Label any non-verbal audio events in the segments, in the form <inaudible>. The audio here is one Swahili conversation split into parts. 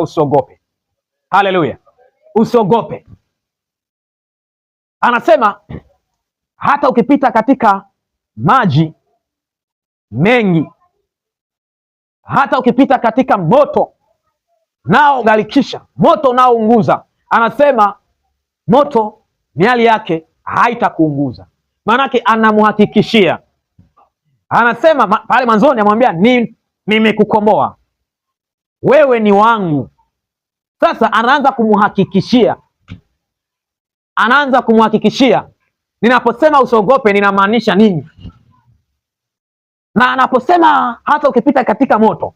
usiogope. Haleluya, usiogope. Anasema hata ukipita katika maji mengi, hata ukipita katika moto nao ghalikisha, moto unaounguza, anasema moto miali yake haitakuunguza. Maanake anamuhakikishia, anasema pale mwanzoni, amwambia nimekukomboa, wewe ni wangu. Sasa anaanza kumhakikishia, anaanza kumhakikishia. Ninaposema usiogope, ninamaanisha nini? Na anaposema hata ukipita katika moto,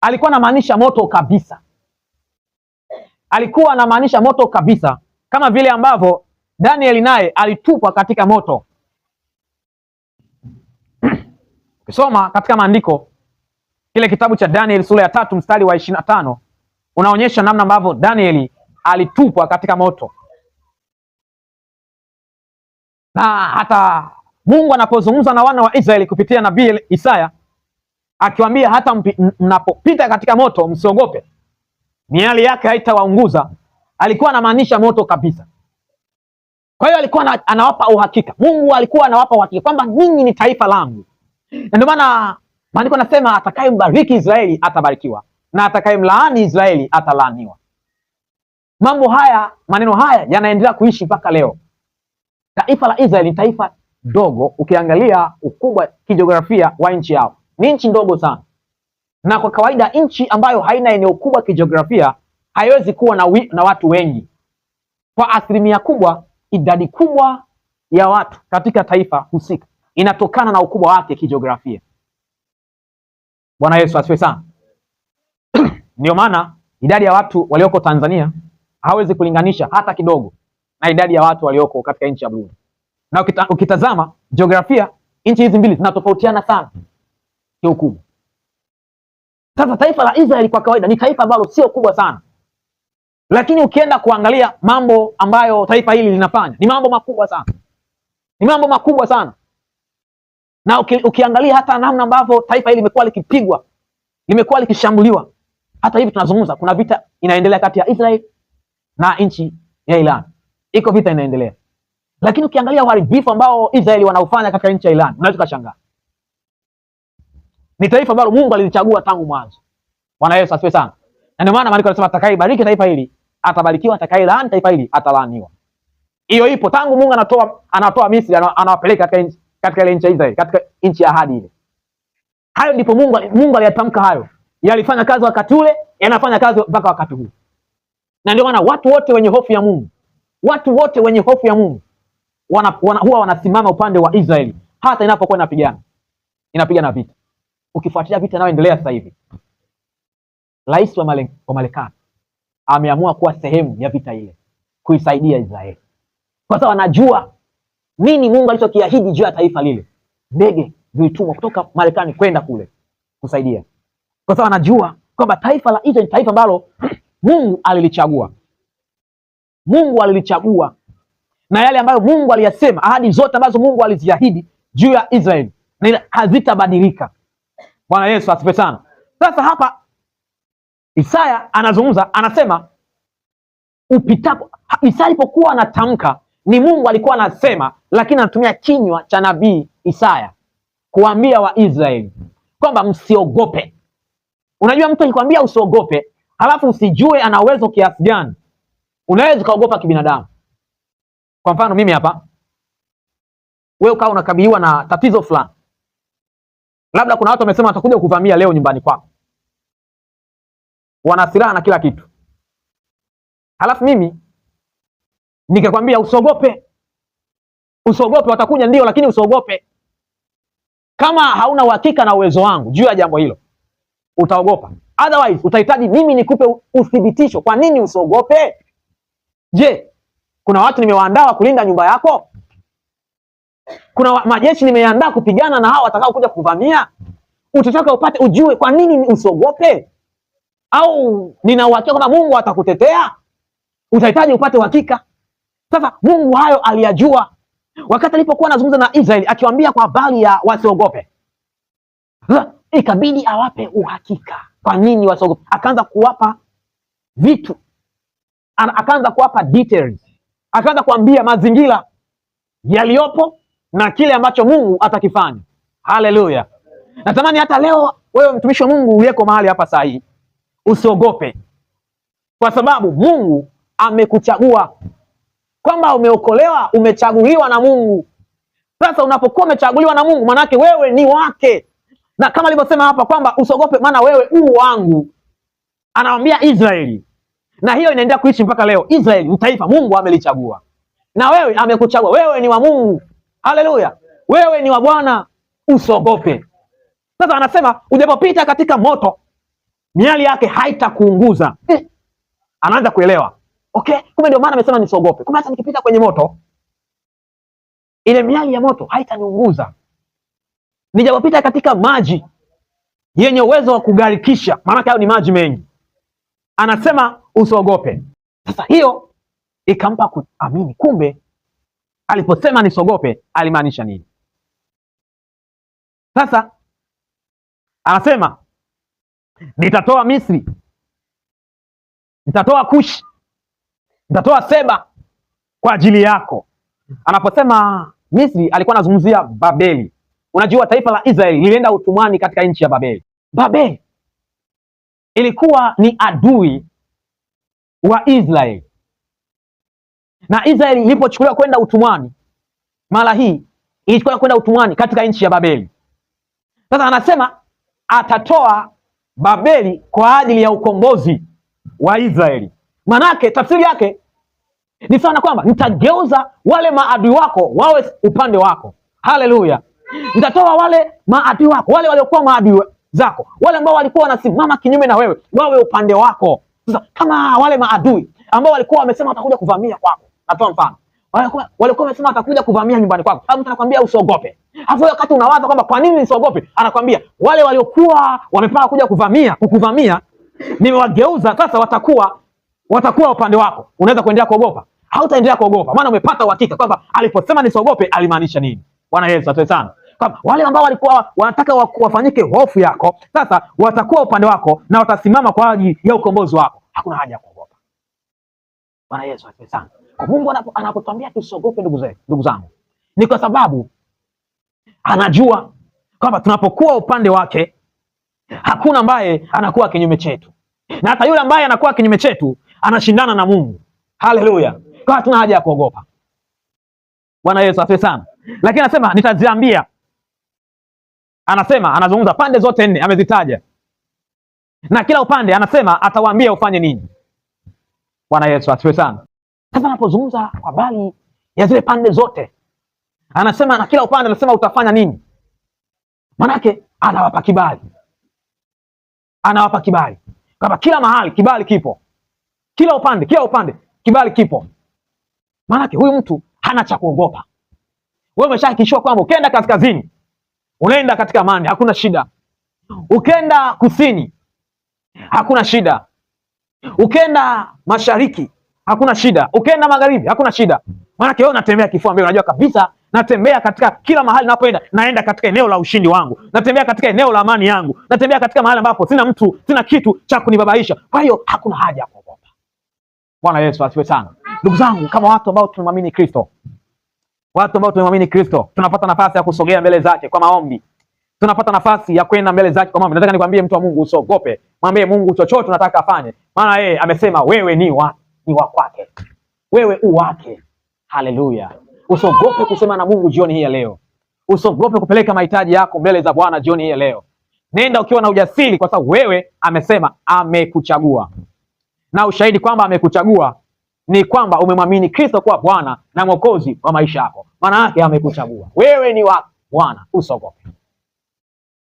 alikuwa anamaanisha moto kabisa, alikuwa anamaanisha moto kabisa, kama vile ambavyo Danieli naye alitupwa katika moto. <clears throat> Ukisoma katika maandiko Kile kitabu cha Danieli sura ya tatu mstari wa ishirini na tano unaonyesha namna ambavyo Danieli alitupwa katika moto, na hata Mungu anapozungumza na wana wa Israeli kupitia nabii Isaya akiwaambia hata mnapopita katika moto msiogope, miali yake haitawaunguza. Alikuwa anamaanisha moto kabisa. Kwa hiyo alikuwa anawapa uhakika, Mungu alikuwa anawapa uhakika kwamba ninyi ni taifa langu, na ndio maana Maandiko anasema atakayembariki Israeli atabarikiwa na atakayemlaani Israeli atalaaniwa. Mambo haya, maneno haya yanaendelea kuishi mpaka leo. Taifa la Israeli ni taifa dogo, ukiangalia ukubwa kijiografia wa nchi yao ni nchi ndogo sana, na kwa kawaida nchi ambayo haina eneo kubwa kijiografia haiwezi kuwa na, wi, na watu wengi. Kwa asilimia kubwa, idadi kubwa ya watu katika taifa husika inatokana na ukubwa wake kijiografia. Bwana Yesu asifiwe sana. <clears throat> Ndio maana idadi ya watu walioko Tanzania hawezi kulinganisha hata kidogo na idadi ya watu walioko katika nchi ya Burundi. Na ukita, ukitazama jiografia nchi hizi mbili zinatofautiana sana kiukubwa. Sasa taifa la Israeli kwa kawaida ni taifa ambalo sio kubwa sana, lakini ukienda kuangalia mambo ambayo taifa hili linafanya ni mambo makubwa sana, ni mambo makubwa sana na uki, ukiangalia hata namna ambavyo taifa hili limekuwa likipigwa, limekuwa likishambuliwa. Hata hivi tunazungumza, kuna vita inaendelea kati ya Israel na nchi ya Iran, iko vita inaendelea, lakini ukiangalia uharibifu ambao Israeli wanaofanya katika nchi ya Iran, unaweza kushangaa. Ni taifa ambalo Mungu alilichagua tangu mwanzo. Bwana Yesu asifiwe sana. Na ndio maana maandiko yanasema bariki taifa hili atabarikiwa, laani taifa hili atalaaniwa. Hiyo ipo tangu Mungu anatoa anatoa Misri, anawapeleka katika nchi katika ile nchi ya Israeli, katika nchi ya ahadi ile. Hayo ndipo Mungu Mungu aliyatamka hayo, yalifanya kazi wakati ule, yanafanya kazi mpaka wakati huu. Na ndio maana watu wote wenye hofu ya Mungu, watu wote wenye hofu ya Mungu wana, wana, huwa wanasimama upande wa Israeli hata inapokuwa inapigana inapigana vita. Ukifuatilia vita inayoendelea sasa hivi, rais wa, male, wa Marekani ameamua kuwa sehemu ya vita ile kuisaidia Israeli kwa sababu anajua nini Mungu alichokiahidi juu ya taifa lile. Ndege zilitumwa kutoka Marekani kwenda kule kusaidia, kwa sababu anajua kwamba taifa la Israeli ni taifa ambalo <clears throat> Mungu alilichagua, Mungu alilichagua na yale ambayo Mungu aliyasema, ahadi zote ambazo Mungu aliziahidi juu ya Israeli na hazitabadilika. Bwana Yesu asifiwe sana. Sasa hapa Isaya anazungumza, anasema upitapo. Isaya alipokuwa anatamka ni Mungu alikuwa anasema, lakini anatumia kinywa cha nabii Isaya kuambia Waisraeli kwamba msiogope. Unajua, mtu akikwambia usiogope halafu usijue ana uwezo kiasi gani, unaweza ukaogopa kibinadamu. Kwa mfano mimi hapa, wewe ukawa unakabiliwa na tatizo fulani, labda kuna watu wamesema watakuja kuvamia leo nyumbani kwako, wana silaha na kila kitu, halafu mimi Nikakwambia usiogope, usiogope, watakuja ndio, lakini usiogope. Kama hauna uhakika na uwezo wangu juu ya jambo hilo, utaogopa. Otherwise utahitaji mimi nikupe uthibitisho. Kwa nini usiogope? Je, kuna watu nimewaandaa wa kulinda nyumba yako? Kuna majeshi nimeandaa kupigana na hao watakao kuja kuvamia? Utataka upate ujue kwa nini usiogope, au nina uhakika kwamba Mungu atakutetea. Utahitaji upate uhakika. Sasa Mungu hayo aliyajua wakati alipokuwa anazungumza na Israeli akiwaambia kwa habari ya wasiogope. Sasa ikabidi awape uhakika. Kwa nini wasiogope? Akaanza kuwapa vitu, akaanza kuwapa details, akaanza kuambia mazingira yaliyopo na kile ambacho Mungu atakifanya. Haleluya! Natamani hata leo wewe mtumishi wa Mungu uliyeko mahali hapa saa hii usiogope, kwa sababu Mungu amekuchagua kwamba umeokolewa, umechaguliwa na Mungu. Sasa unapokuwa umechaguliwa na Mungu, manake wewe ni wake, na kama alivyosema hapa kwamba usogope, maana wewe u wangu, anawambia Israeli, na hiyo inaendelea kuishi mpaka leo. Israeli ni taifa Mungu amelichagua, na wewe amekuchagua, wewe ni wa Mungu. Haleluya, wewe ni wa Bwana, usogope. Sasa anasema ujapopita katika moto, miali yake haitakuunguza. Eh, anaanza kuelewa Okay, kumbe ndio maana amesema nisiogope. Kumbe hata nikipita kwenye moto, ile miali ya moto haitaniunguza. Nijapopita katika maji yenye uwezo wa kugarikisha, maanake hayo ni maji mengi, anasema usiogope. Sasa hiyo ikampa kuamini, kumbe aliposema nisiogope alimaanisha nini? Sasa anasema nitatoa Misri, nitatoa Kushi Nitatoa Seba kwa ajili yako. Anaposema Misri alikuwa anazungumzia Babeli. Unajua taifa la Israeli lilienda utumwani katika nchi ya Babeli. Babeli ilikuwa ni adui wa Israeli, na Israeli ilipochukuliwa kwenda utumwani, mara hii ilichukuliwa kwenda utumwani katika nchi ya Babeli. Sasa anasema atatoa Babeli kwa ajili ya ukombozi wa Israeli. Manake tafsiri yake ni sana kwamba nitageuza wale maadui wako wawe upande wako. Haleluya! Nitatoa wale maadui wako, wale waliokuwa maadui zako, wale ambao walikuwa wanasimama kinyume na wewe, wawe upande wako. Sasa kama wale maadui ambao walikuwa wamesema watakuja kuvamia kwako, natoa mfano walikuwa wamesema watakuja kuvamia nyumbani kwako, mtu anakwambia usiogope. Hapo wakati unawaza kwamba kwa nini nisiogope, anakwambia wale waliokuwa wamepanga kuja kuvamia kukuvamia nimewageuza sasa, watakuwa watakuwa upande wako, unaweza kuendelea kuogopa hautaendelea kuogopa, maana umepata uhakika kwamba aliposema nisiogope alimaanisha nini. Bwana Yesu atoe sana wale ambao walikuwa wanataka wafanyike hofu yako, sasa watakuwa upande wako na watasimama kwa ajili ya ukombozi wako. Hakuna haja ya kuogopa. Bwana Yesu atoe sana. Kwa Mungu anapotuambia tusiogope, ndugu zetu, ndugu zangu, ni kwa sababu anajua kwamba tunapokuwa upande wake hakuna ambaye anakuwa kinyume chetu, na hata yule ambaye anakuwa kinyume chetu anashindana na Mungu. Haleluya! kwa hatuna haja ya kuogopa. Bwana Yesu asifiwe sana. Lakini anasema nitaziambia, anasema anazungumza pande zote nne amezitaja, na kila upande anasema atawaambia ufanye nini. Bwana Yesu asifiwe sana. Sasa anapozungumza kwa bali ya zile pande zote, anasema na kila upande anasema utafanya nini, manake anawapa kibali, anawapa kibali kwamba kila mahali kibali kipo, kila upande, kila upande kibali kipo. Maanake huyu mtu hana cha kuogopa. Wewe umeshahakikishiwa kwamba ukienda kaskazini unaenda katika amani, hakuna shida. Ukenda kusini hakuna shida. Ukenda mashariki hakuna shida. Ukenda magharibi hakuna shida. Maanake wewe unatembea kifua mbele, unajua kabisa natembea katika kila mahali ninapoenda, naenda katika eneo la ushindi wangu, natembea katika eneo la amani yangu, natembea katika mahali ambapo sina mtu, sina kitu cha kunibabaisha. Kwa hiyo hakuna haja ya kuogopa. Bwana Yesu asifiwe sana. Ndugu zangu, kama watu ambao tunamwamini Kristo, watu ambao tunamwamini Kristo tunapata nafasi ya kusogea mbele zake kwa maombi, tunapata nafasi ya kwenda mbele zake kwa maombi. Nataka nikwambie mtu wa Mungu, usogope, mwambie Mungu chochote unataka afanye, maana yeye amesema wewe ni wa ni wa kwake, wewe u wake. Haleluya! Usogope kusema na Mungu jioni hii ya leo, usogope kupeleka mahitaji yako mbele za Bwana jioni hii ya leo. Nenda ukiwa na ujasiri, kwa sababu wewe amesema amekuchagua, na ushahidi kwamba amekuchagua ni kwamba umemwamini Kristo kuwa Bwana na Mwokozi wa maisha yako. Maana yake amekuchagua wewe, ni wa Bwana. Usogope,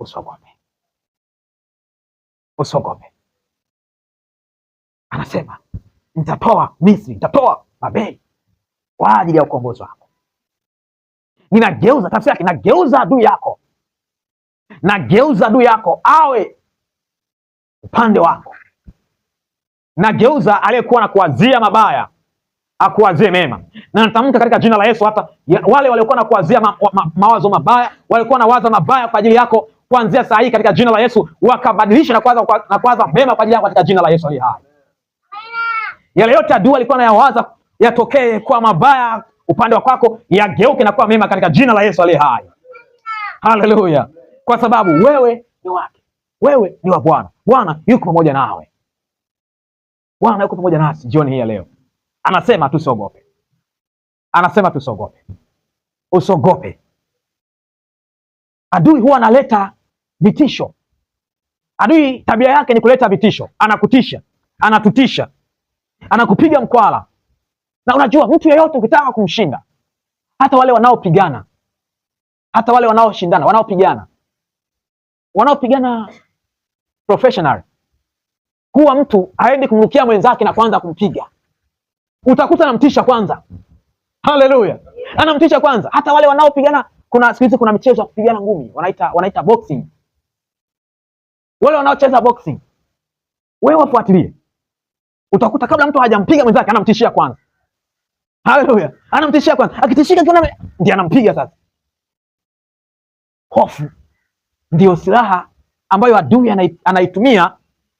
usogope, usogope. Anasema nitatoa Misri, nitatoa Babeli kwa ajili ya ukombozi wako. Ninageuza, tafsiri yake, nageuza adui yako, nageuza adui yako awe upande wako na geuza aliyekuwa anakuwazia mabaya akuwazie mema, na natamka katika jina la Yesu hapa wale waliokuwa nakuwazia ma, ma, mawazo mabaya, walikuwa nawaza mabaya kwa ajili yako kuanzia saa hii katika jina la Yesu wakabadilisha na kuanza na kuanza mema kwa ajili yako katika jina la Yesu aliye hai. Yale yote adui alikuwa anayawaza yatokee kwa mabaya upande wa kwako yageuke na kuwa mema katika jina la Yesu aliye hai. Haleluya! Kwa sababu wewe ni wake, wewe ni wa Bwana. Bwana yuko pamoja nawe. Bwana yuko pamoja nasi jioni hii ya leo, anasema tusiogope, anasema tusiogope. Usiogope. Adui huwa analeta vitisho. Adui tabia yake ni kuleta vitisho, anakutisha, anatutisha, anakupiga mkwala. Na unajua mtu yeyote ukitaka kumshinda, hata wale wanaopigana, hata wale wanaoshindana, wanaopigana, wanaopigana professional kuwa mtu aendi kumrukia mwenzake na kwanza kumpiga, utakuta anamtisha kwanza. Haleluya, anamtisha kwanza. Hata wale wanaopigana, kuna siku hizi kuna michezo ya kupigana ngumi, wanaita wanaita boxing. Wale wanaocheza boxing, wewe wafuatilie, utakuta kabla mtu hajampiga mwenzake, anamtishia kwanza. Haleluya, anamtishia kwanza, akitishika kiona ndiye anampiga sasa. Hofu ndiyo silaha ambayo adui anaitumia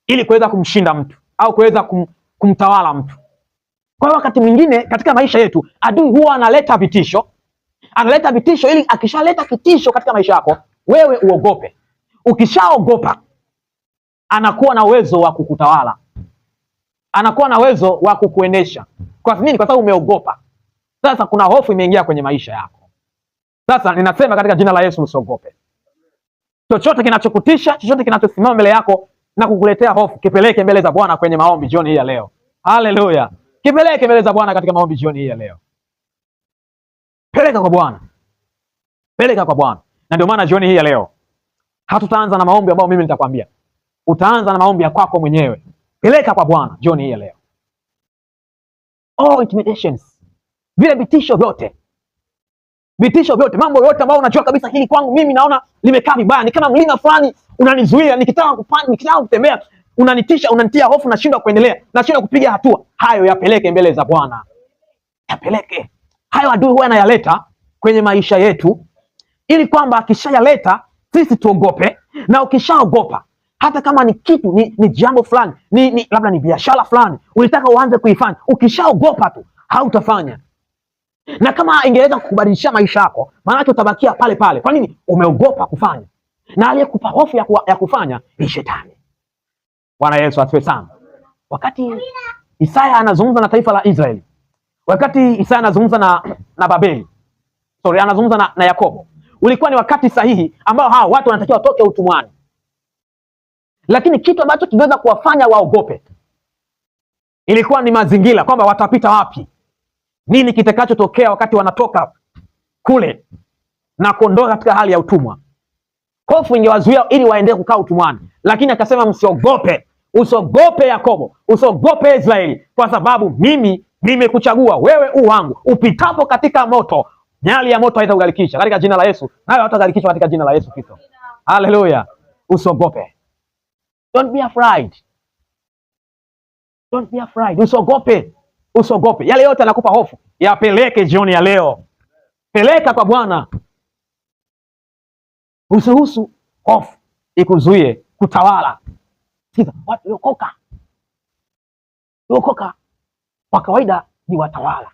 ili kuweza kumshinda mtu au kuweza kum, kumtawala mtu. Kwa hiyo wakati mwingine katika maisha yetu adui huwa analeta vitisho, analeta vitisho ili akishaleta kitisho katika maisha yako wewe uogope. Ukishaogopa anakuwa na uwezo wa kukutawala, anakuwa na uwezo wa kukuendesha. Kwa nini? Kwa sababu umeogopa. Sasa kuna hofu imeingia kwenye maisha yako. Sasa ninasema katika jina la Yesu usiogope chochote kinachokutisha, chochote kinachosimama mbele yako na kukuletea hofu, kipeleke mbele za Bwana kwenye maombi jioni hii ya leo. Haleluya, kipeleke mbele za Bwana katika maombi jioni hii ya leo. Peleka kwa Bwana, peleka kwa Bwana. Na ndio maana jioni hii ya leo hatutaanza na maombi ambayo mimi nitakwambia, utaanza na maombi ya kwako mwenyewe. Peleka kwa Bwana jioni hii ya leo, all oh, intimidations, vile vitisho vyote vitisho vyote, mambo yote ambayo unajua kabisa hili kwangu mimi naona limekaa vibaya, ni kama mlima fulani unanizuia nikitaka kupanda, nikitaka kutembea unanitisha, unanitia hofu, nashindwa kuendelea, nashindwa kupiga hatua. Hayo yapeleke mbele za Bwana, yapeleke hayo. Adui huwa anayaleta kwenye maisha yetu, ili kwamba akishayaleta sisi tuogope, na ukishaogopa hata kama ni kitu ni, ni jambo fulani ni, ni, labda ni biashara fulani ulitaka uanze kuifanya, ukishaogopa tu hautafanya. Na kama ingeweza kukubadilishia maisha yako, maanake utabakia pale pale. Kwa nini? Umeogopa kufanya na aliyekupa hofu ya, ya kufanya ni shetani. Bwana Yesu asifiwe sana. Wakati Isaya anazungumza na taifa la Israeli, wakati Isaya anazungumza na, na Babeli sorry, anazungumza na, na Yakobo, ulikuwa ni wakati sahihi ambao hawa watu wanatakiwa watoke utumwani, lakini kitu ambacho kiliweza kuwafanya waogope ilikuwa ni mazingira, kwamba watapita wapi, nini kitakachotokea wakati wanatoka kule na kuondoka katika hali ya utumwa. Hofu ingewazuia ili waendee kukaa utumwani, lakini akasema msiogope, usiogope Yakobo, usogope Israeli, kwa sababu mimi nimekuchagua wewe, u wangu. Upitapo katika moto, nyali ya moto haitakugarikisha, katika jina la Yesu, nayo hatutagarikishwa katika jina la Yesu Kristo. Haleluya! usogope, don't be afraid, don't be afraid, Yale yote anakupa hofu, yapeleke jioni ya leo, peleka kwa Bwana. Usiruhusu hofu ikuzuie kutawala. Sikiza, watu waliokoka waliokoka kwa kawaida ni watawala,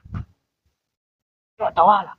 watawala